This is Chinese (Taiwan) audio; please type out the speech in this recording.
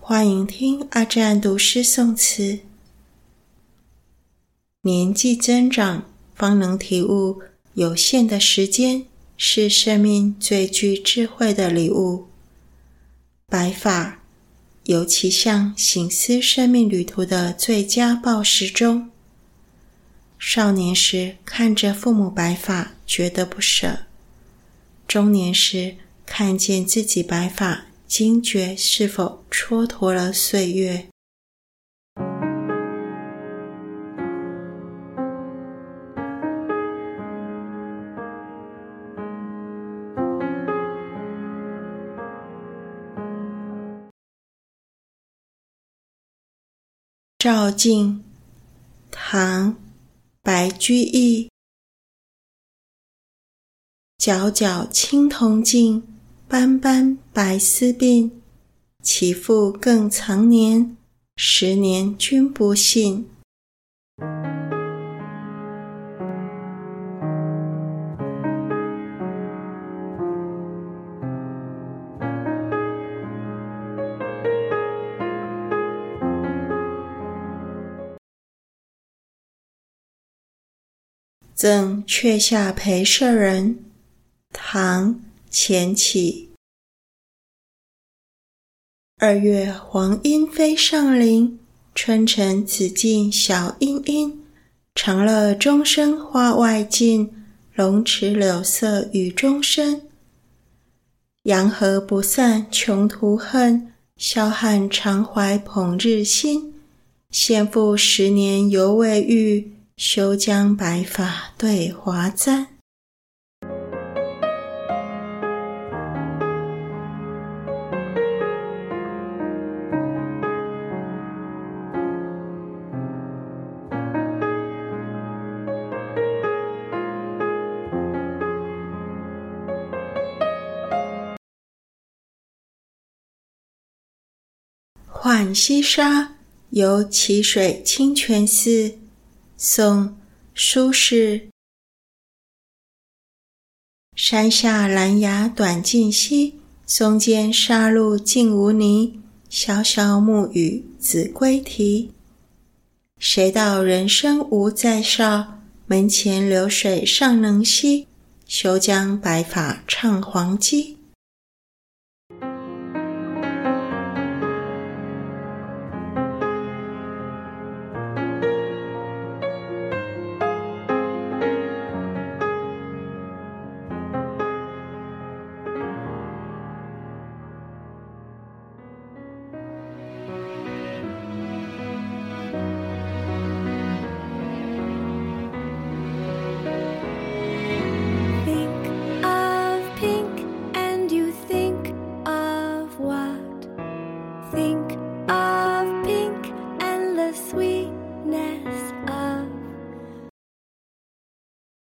歡迎聽阿占讀詩誦詞。年紀增長，方能體悟有限的時間是生命最具智慧的禮物。白髮尤其像醒思生命旅途的最佳報時鐘。少年時看着父母白髮，覺得不捨。中年時看見自己白髮，驚覺是否蹉跎了歲月。照鏡，唐，白居易。皎皎青銅鏡，斑斑白絲鬢，豈復更藏年？實年君不信。贈闕下裴舍人。唐·錢起。二月黃鶯飛上林，春城紫禁曉陰陰。長樂鐘聲花外盡，龍池柳色雨中深。陽和不散窮途恨，霄漢常懷捧日新。獻賦十年猶未遇，休將白髮對華簪。《浣溪沙·遊蘄水清泉寺》宋·蘇軾。山下蘭芽短浸溪，松間沙路淨無泥。瀟瀟暮雨子規啼。誰道人生無再少？門前流水尚能西，休將白髮唱黃雞。